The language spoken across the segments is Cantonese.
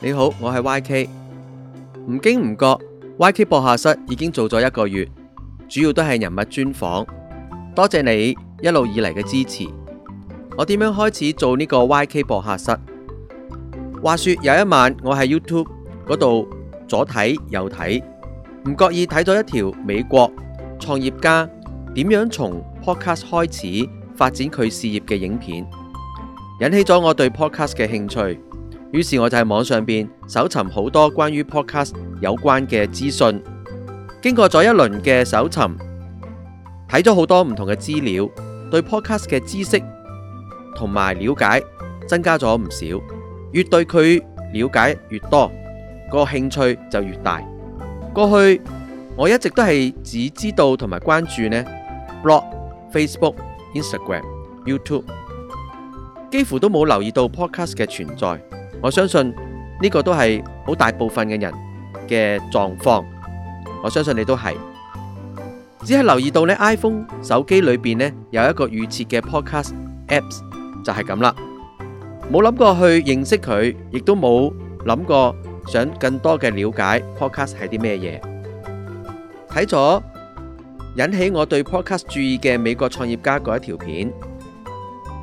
你好，我係 YK。唔經唔覺，YK 播客室已經做咗一個月，主要都係人物專訪。多謝你一路以嚟嘅支持。我點樣開始做呢個 YK 播客室？話說有一晚我在看看，我喺 YouTube 嗰度左睇右睇，唔覺意睇咗一條美國創業家點樣從 Podcast 開始發展佢事業嘅影片，引起咗我對 Podcast 嘅興趣。於是我就喺網上邊搜尋好多關於 podcast 有關嘅資訊，經過咗一輪嘅搜尋，睇咗好多唔同嘅資料，對 podcast 嘅知識同埋了解增加咗唔少。越對佢了解越多，那個興趣就越大。過去我一直都係只知道同埋關注呢，g Facebook、Instagram、YouTube，幾乎都冇留意到 podcast 嘅存在。我相信呢個都係好大部分嘅人嘅狀況，我相信你都係，只係留意到咧 iPhone 手機裏邊有一個預設嘅 Podcast Apps 就係咁啦，冇諗過去認識佢，亦都冇諗過想更多嘅了解 Podcast 係啲咩嘢。睇咗引起我對 Podcast 注意嘅美國創業家嗰一條片，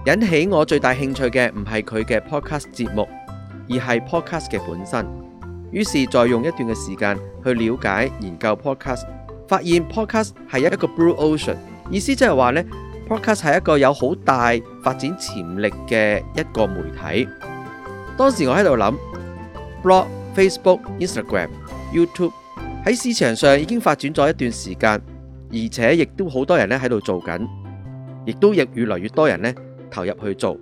引起我最大興趣嘅唔係佢嘅 Podcast 節目。而係 podcast 嘅本身，於是再用一段嘅時間去了解研究 podcast，發現 podcast 係一個 Blue Ocean，意思即係話呢 podcast 係一個有好大發展潛力嘅一個媒體。當時我喺度諗 Blog、Facebook、Instagram、YouTube 喺市場上已經發展咗一段時間，而且亦都好多人呢喺度做緊，亦都亦越來越多人呢投入去做。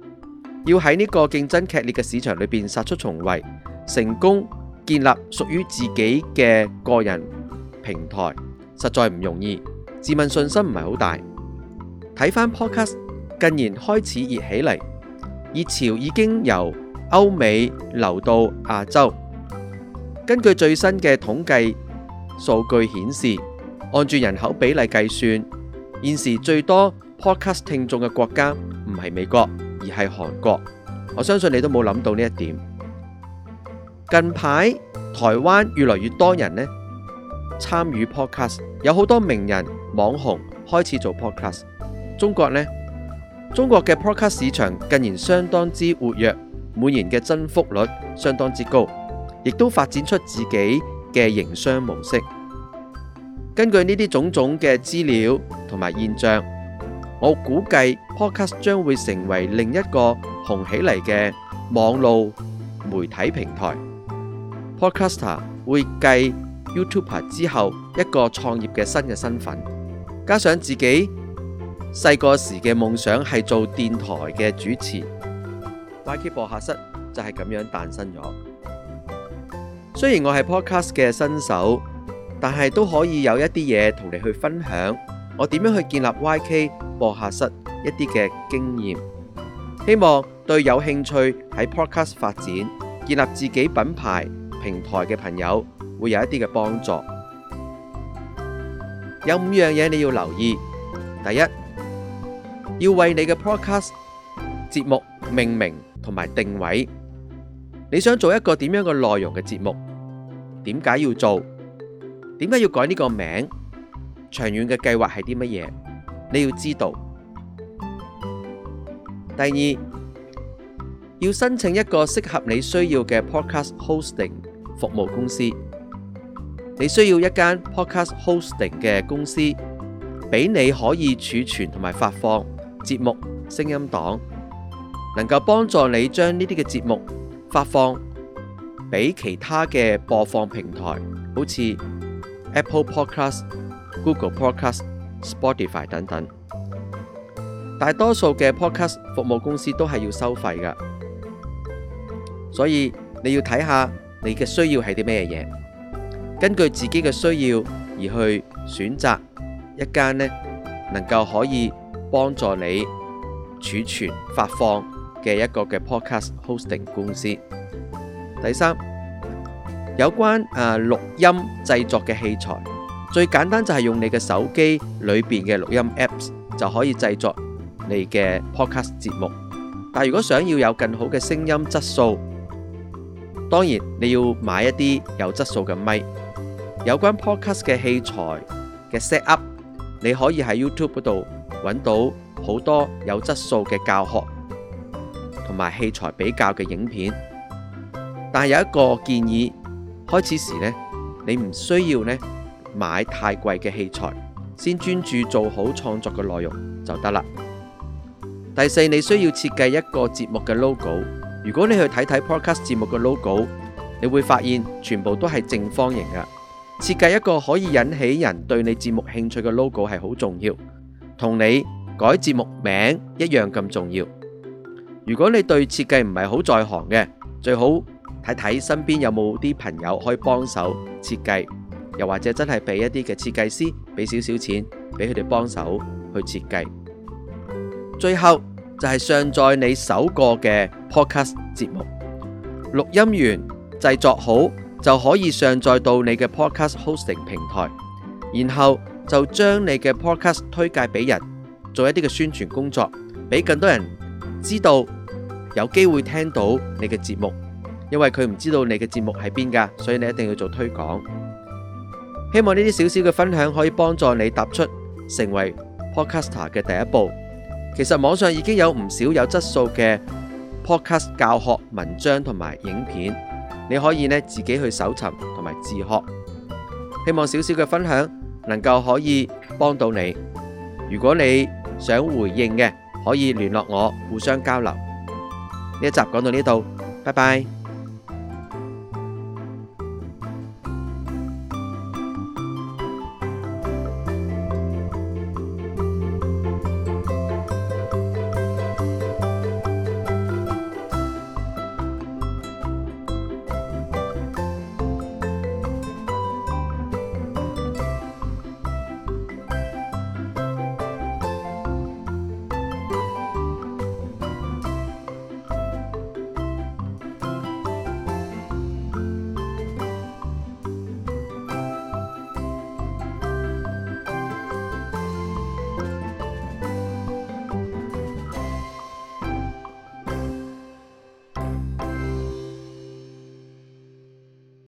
要喺呢個競爭劇烈嘅市場裏面殺出重圍，成功建立屬於自己嘅個人平台，實在唔容易。自問信心唔係好大。睇返 Podcast，近年開始熱起嚟，熱潮已經由歐美流到亞洲。根據最新嘅統計數據顯示，按住人口比例計算，現時最多 Podcast 聽眾嘅國家唔係美國。而係韓國，我相信你都冇諗到呢一點。近排台灣越來越多人呢參與 podcast，有好多名人網紅開始做 podcast。中國呢，中國嘅 podcast 市場近年相當之活躍，每年嘅增幅率相當之高，亦都發展出自己嘅營商模式。根據呢啲種種嘅資料同埋現象。我估計 Podcast 將會成為另一個紅起嚟嘅網路媒體平台，Podcaster 會繼 YouTuber 之後一個創業嘅新嘅身份，加上自己細個時嘅夢想係做電台嘅主持，YK 播客室就係咁樣誕生咗。雖然我係 Podcast 嘅新手，但係都可以有一啲嘢同你去分享。我點樣去建立 YK 播客室一啲嘅經驗，希望對有興趣喺 Podcast 發展、建立自己品牌平台嘅朋友會有一啲嘅幫助。有五樣嘢你要留意：第一，要為你嘅 Podcast 節目命名同埋定位。你想做一個點樣嘅內容嘅節目？點解要做？點解要改呢個名？長遠嘅計劃係啲乜嘢？你要知道。第二，要申請一個適合你需要嘅 Podcast Hosting 服務公司。你需要一間 Podcast Hosting 嘅公司，俾你可以儲存同埋發放節目聲音檔，能夠幫助你將呢啲嘅節目發放俾其他嘅播放平台，好似 Apple Podcast。Google Podcast、Spotify 等等，大多數嘅 Podcast 服務公司都係要收費噶，所以你要睇下你嘅需要係啲咩嘢？根據自己嘅需要而去選擇一間呢能夠可以幫助你儲存、發放嘅一個嘅 Podcast hosting 公司。第三，有關誒錄音製作嘅器材。最簡單就係用你嘅手機裏邊嘅錄音 Apps 就可以製作你嘅 Podcast 節目。但如果想要有更好嘅聲音質素，當然你要買一啲有質素嘅咪。有關 Podcast 嘅器材嘅 set up，你可以喺 YouTube 嗰度揾到好多有質素嘅教學同埋器材比較嘅影片。但係有一個建議，開始時呢，你唔需要呢，買太貴嘅器材，先專注做好創作嘅內容就得啦。第四，你需要設計一個節目嘅 logo。如果你去睇睇 Podcast 節目嘅 logo，你會發現全部都係正方形嘅。設計一個可以引起人對你節目興趣嘅 logo 係好重要，同你改節目名一樣咁重要。如果你對設計唔係好在行嘅，最好睇睇身邊有冇啲朋友可以幫手設計。又或者真係俾一啲嘅設計師俾少少錢，俾佢哋幫手去設計。最後就係上載你首個嘅 podcast 節目，錄音完製作好就可以上載到你嘅 podcast hosting 平台，然後就將你嘅 podcast 推介俾人，做一啲嘅宣傳工作，俾更多人知道有機會聽到你嘅節目。因為佢唔知道你嘅節目喺邊噶，所以你一定要做推廣。希望呢啲小小嘅分享可以幫助你踏出成為 podcaster 嘅第一步。其實網上已經有唔少有質素嘅 podcast 教學文章同埋影片，你可以呢自己去搜尋同埋自學。希望小小嘅分享能夠可以幫到你。如果你想回應嘅，可以聯絡我互相交流。呢一集講到呢度，拜拜。